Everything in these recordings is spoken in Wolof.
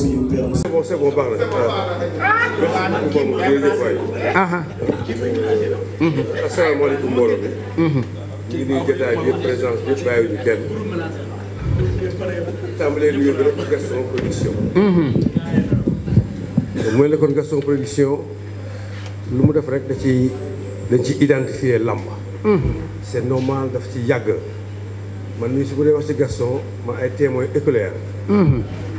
suñu père Moussa. c'est bon c'est bon baax na jërëjëf ah, waay. Ah. Mmh. asalaamaaleykum mbooloo bi. Mmh. ñu ngi nuyu jotaay bi yëpp présence bi yëpp bàyyi ñu kenn. tàmbalee nuyu bi rek Gaston Production. Mmh. mooy la kon Gaston Production lu mu def rek da ci dañ ci identifier làmb. c'est normal daf ci yàgg. man mii su ko dee wax ci Gaston man ay témoins éclaire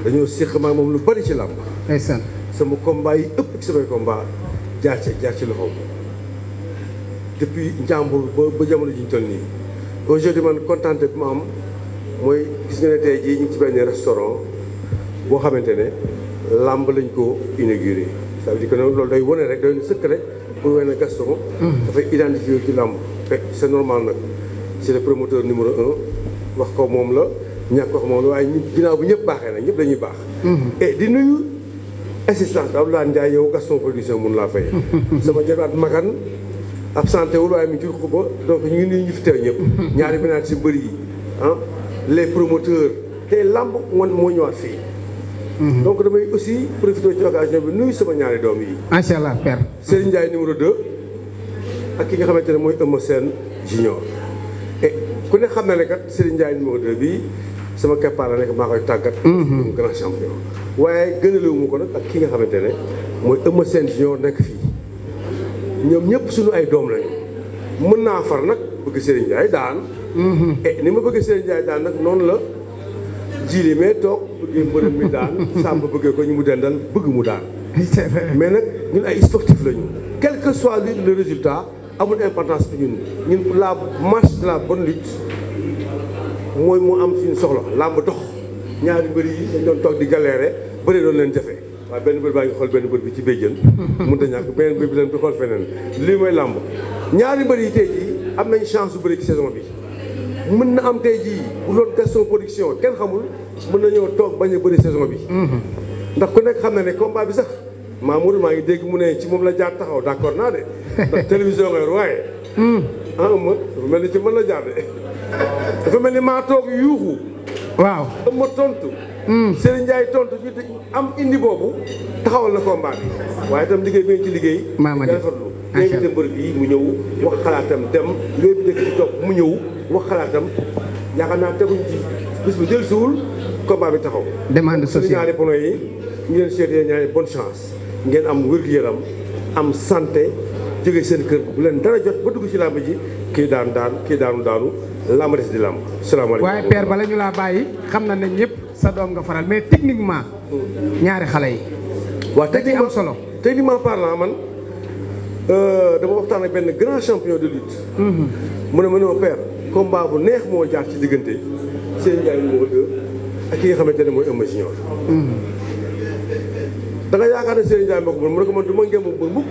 dañoo séq maag moom lu bari ci làmb ndeysaan sama combat yi ëpp ci samay combat jaar ci jaar ci loxoom depuis njàmbur ba ba jamono ji ñu toll nii aujourd'hui man contenté bi ma am mooy gis nga ne tey jii ñu ngi ci benn restaurant boo xamante ne làmb lañ ko inauguré ça veut dire que loolu day wane rek day sëkk rek pour wane Gaston hmm. dafay identifié ci làmb fekk c'est normal nag c'est le promoteur numéro un wax ko moom la ñàkk wax moom waaye ñu ñëpp baaxee na ñëpp dañuy baax mm-hmm. et eh, di nuyu assistance Abdoulaye Ndiaye yow Gaston production laa fay mm-hmm. sama jarbaat makan absenté wul waaye ko donc ñu ngi nuyu ñu fi teew mm-hmm. bëri yi ah, les promoteurs te lamb moo ñëwaat fii donc damay aussi profité ci occasion bi nuyu sama ñaari doom yi macha allah père Serigne Ndiaye numéro 2 ak ki nga xamante ne mooy Eumeu Sène junior eh, ku ne xam na ne kat Serigne Ndiaye numéro 2 bi sama keppaar la nekk maa koy tàggat. Mhm. mu grand champion. waaye gënalewu ko nag ak ki nga xamante ne mooy Eumeu Sène Junior nekk fii ñoom ñëpp suñu ay doom lañu mën naa far nag bëgg Serigne Ndiaye daan. Mhm. et eh, ni ma bëgg Serigne Ndiaye daan nag noonu la jiile mais toog bëggee mbërëm mi daan sàmm bëggee ko ñu mu dendal bëgg mu daan. mais nag ñun ay sportif lañu. quel que soit le résultat amul importance bi ñun ñun la marche la bonne lit mooy mu am suñu soxla làmb dox ñaari mbër yi dañ doon toog di galérer bëri doon leen jafe waaye benn bër baa ngi xool benn bër bi ci béjjën mun ta ñàkk beneen bër bi bi xool feneen lii tey jii am nañ chance bu bëri ci saison bi mën na am tey jii bu doon Gaston Production kenn xamul mën na ñëw toog bañ a bëri saison bi ndax ku nekk xam na ne combat bi sax Mamour maa ngi dégg mu ne ci moom la jaar taxaw d'accord naa de ndax télévision ngay waaye ah ma dafa mel ni ci mën la jaarde dafa mel ni maa toog yuuxu waaw ëmma tontu hmm. Serigne jaay tontu bi am indi boobu taxawal na combat bi waaye tam liggéey bi nga ci liggéey nga defarlu invité mbër mu ñëw xalaatam dem yooyu bi dëkk ci mu ñëw wax xalaatam yaakaar naa teguñ bu jël siwul combat bi taxaw demande sociale ñaari pono yi ñu leen seetee ñaari bonne chance ngeen am wér-gu-yaram am santé jóge seen kër bu leen dara jot ba dugg ci làmb ji kii daan daan kii daanu daanu làmb des di làmb salaamaaleykum waaye père bala ñu laa bàyyi xam na ne ñëpp sa doom nga faral mais techniquement ñaari xale yi waa technique am solo techniquement parlant man euh, dama waxtaan ak benn grand champion de lutte mhm. mu ne ma non père combat bu neex moo jaar ci diggante seen Ndiaye moo dë ak ki nga xamante ne mooy Eumeu Junior mhm. da yaakaar ne Serigne Ndiaye moo ko mën mu ne ko man du ma ngeen mën mukk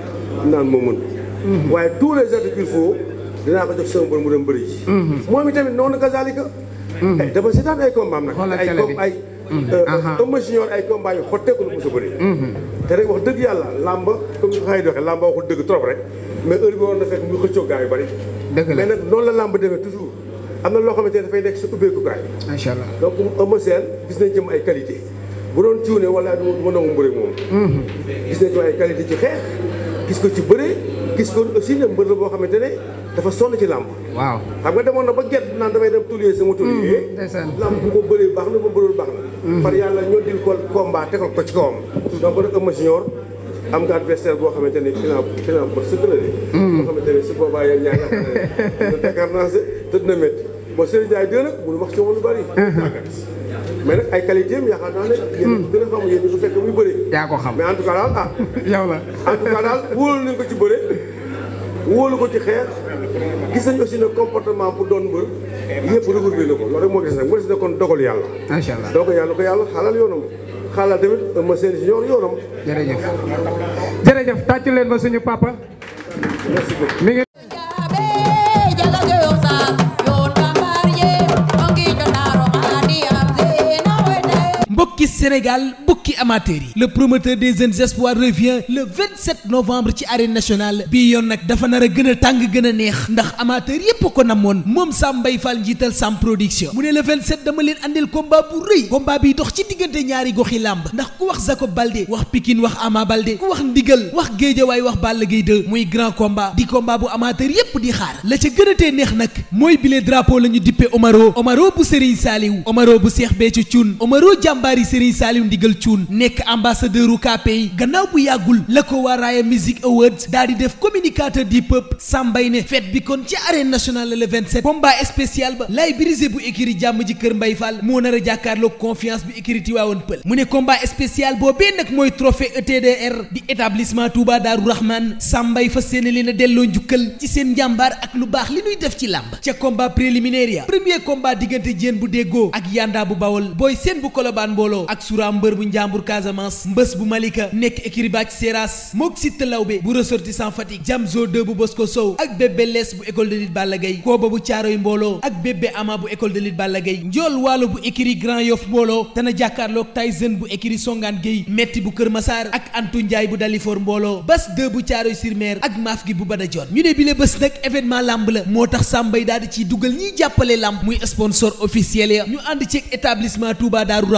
naan moo Mm-hmm. waaye tous les heures qu'il faut dinaa ko jox sama borom mu dem bëri ji. Mm-hmm. moom itamit noonu kazaalika. Mm-hmm. Eh, dama seetaan ay combat am nag. ay ay euh, Eumeu Junior ay combat yu xotteeku lu mos a bëri. te rek wax dëgg yàlla làmba comme ni ko xay doxee làmba waxul dëgg trop rek mais heure bi waroon na fekk muy xëccoo gaa yu bëri. dëgg la mais nag noonu la làmb demee toujours am na loo xamante ne dafay nekk sa ubbeeku gaay. macha allah donc Eumeu Sène gis nañ jëm ay qualité bu doon cuune wala du ma nangu mbëre moom. gis nañ ci ay qualité ci xeex. gis ko ci bëre gis ko aussi ne mbër boo xamante ne dafa sonn ci làmb waaw xam nga demoon na ba gett naan damay dem tulier sama tulier hmm, làmb bu ko bëree baax na bu bërul baax na par hmm. yàlla ñoo dil ko combat hmm. boo xamante ne filan filan pour sëkk la de boo xamante ne su boobaa yéen ñaar nga xam ne Dakar naa se na métti mooy Serigne Ndiaye dégg nag mënu wax ci moom lu bari. mais nag ay qualité am yaakaar naa ne. yéen a gën a xam yéen su fekk muy bëre. yaa ko xam mais en tout daal ah. yow la en daal wóolu nañ ko ci bëre wóolu ko ci xeex gis nañ aussi ne comportement pour doon mbër yëpp recouvrir na ko loolu moo gis nag moo gis ne kon dogal yàlla. macha allah dogal yàlla ko ma seen si ñoom yoonam. jërëjëf jërëjëf leen ma suñu papa. Sénégal bukki amateur yi le promoteur des jeunes espoirs revient le 27 novembre ci arène nationale bii yoon nag dafa nar a gën a tàng gën a neex ndax amateur yépp ko namoon moom Sam Mbaye Fall njiital Sam Production mu ne le 27 dama leen andil komba bu rëy combat bi dox ci diggante ñaari goxi làmb ndax ku wax Jacob Baldé wax Pikine wax Ama Baldé ku wax Ndigal wax waaye wax Balla Gaye 2 muy grand combat di combat bu amateur yépp di xaar la ca gën a tee neex nag mooy bile drapeau la ñu dippe Omaro Omaro bu Serigne Saliou Omaro bu Cheikh Béthio Thioune Omaro jàmbaari Serigne Serigne Saliou Ndigal Thioune nekk ambassadeur u KPI gannaaw bu yàggul la ko waa Raaya Music Awards daal di def communicateur du peuple sàmbay ne fête bi kon ci arène nationale le 27 combat spécial ba lay bu écurie jàmm ji kër Mbay Fall moo nar a jàkkaarloog confiance bi écurie Tivaouane Peulh mu ne combat spécial boobee nag mooy trophée ETDR di établissement Touba Darou Rahman sàmbay fa séene leen a delloo njukkal ci seen njàmbaar ak lu baax li nuy def ci làmb ca combat préliminaire ya premier combat diggante ak sura mbër bu njàmbur Casamance mbës bu Malika nekk écribaac Seras mook Siteu Lawbe bu ressortissant Fatick jam zo 2 bu Bosco Sow ak bébé lees bu école de lutte Balla Gaye kooba bu caaroy mbooloo ak bébé ama bu école de lutte Balla njool waalo bu écrit Grand Yoff mbooloo dana jàkkaarloog Tyson bu écrit Songaan Gueye metti bu Kër Masaar ak Antu Njaay bu Dalifor mbooloo bas 2 bu caaroy sur mer ak maaf gi bu Badajon ñu ne bile bés nag moo tax sàmbay daal di dugal ñiy jàppale lamb muy sponsor officiel ya ñu ànd ceeg Touba Darou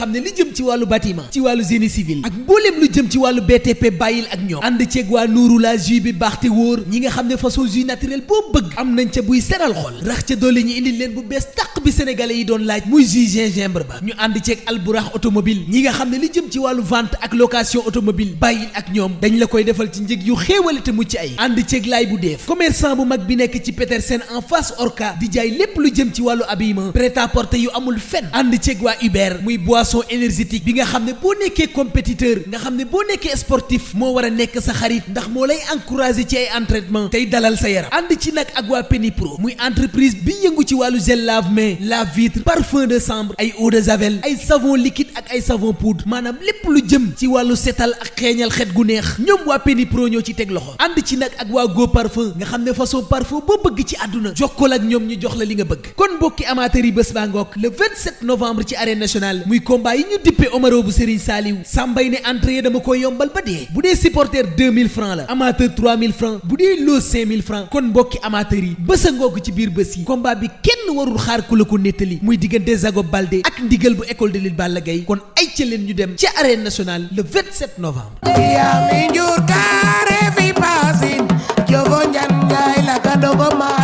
xam ne li jëm ci wàllu bâtiment ci wàllu génie civil ak mbooleem lu jëm ci wàllu BTP bàyyil ak ñoom ànd ceeg waa nuuru la jus bi baax te wóor ñi nga xam ne façon jus naturel boo bëgg am nañ ca buy seral xol rax ca doole ñu indi leen bu bees tàq bi sénégale yi doon laaj muy jus gingembre ba ñu ànd ceeg alburax automobile ñi nga xam ne li jëm ci wàllu vente ak location automobile bàyyil ak ñoom dañ la koy defal ci njëg yu xéewale te mucc ay ànd ceeg laay bu deef commerçant bu mag bi nekk ci Petersen en face Orca di lépp lu jëm ci wàllu habillement prêt à porter yu amul fenn ànd ceeg waa Uber muy boisson boisson énergétique bi nga xam ne boo nekkee compétiteur nga xam ne boo nekkee sportif moo war a nekk sa xarit ndax moo lay encouragé ci ay entraînement tey dalal sa yaram ànd ci nag ak waa Penipro muy entreprise bi yëngu ci wàllu gel lave-mains lave-vitre parfum de ay eau de javel ay savon liquide ak ay savon poudre maanaam lépp lu jëm ci wàllu setal ak xeeñal xet gu neex ñoom waa Penipro ñoo ci teg loxo ànd ci nag ak waa Go Parfum nga xam ne façon parfum boo bëgg ci àdduna jokkoo ñoom ñu jox la li nga bëgg kon mbokki amateur yi bés baa ngoog le 27 novembre ci arène nationale combat yi ñu dippe Omaro bu Serigne Saliou sàmbay ne entrée dama ko yombal ba dee bu dee supporter 2000 francs la amateur 3000 francs bu dee loos 5000 francs kon mbokki amateur yi bés a ngoo ci biir bés yi combat bi kenn warul xaar ku la ko nettali muy diggante Zago Baldé ak ndigal bu école de lutte Balla kon ay ca ñu dem ci arène nationale la ka